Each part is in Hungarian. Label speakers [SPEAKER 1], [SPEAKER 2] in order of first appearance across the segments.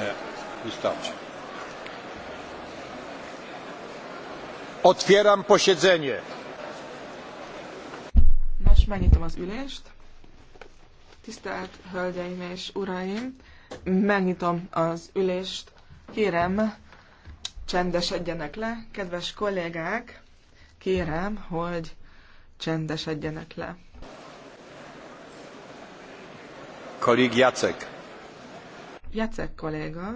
[SPEAKER 1] E, wystarczy. Otwieram posiedzenie.
[SPEAKER 2] megnyitom az ülést. Tisztelt Hölgyeim és Uraim, megnyitom az ülést. Kérem, csendesedjenek le. Kedves kollégák, kérem, hogy csendesedjenek le.
[SPEAKER 3] Kollég Jacek.
[SPEAKER 2] Jacek kolléga,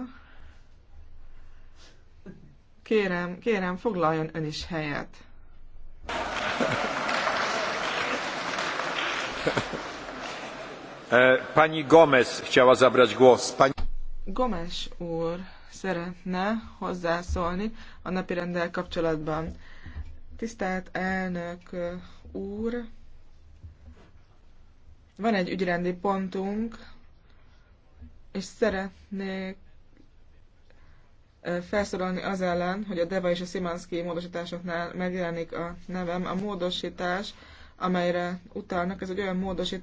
[SPEAKER 2] kérem, kérem, foglaljon ön is helyet.
[SPEAKER 4] E, pani Gomez chciała zabrać głos. Pani...
[SPEAKER 2] Gomez úr szeretne hozzászólni a rendel kapcsolatban. Tisztelt elnök úr, van egy ügyrendi pontunk, és szeretnék felszorolni az ellen, hogy a Deva és a Szimanszki módosításoknál megjelenik a nevem. A módosítás, amelyre utalnak, ez egy olyan módosítás,